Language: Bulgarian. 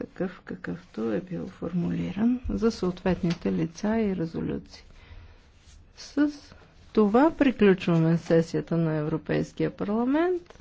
такъв какъвто е бил формулиран за съответните лица и резолюции. С това приключваме сесията на Европейския парламент.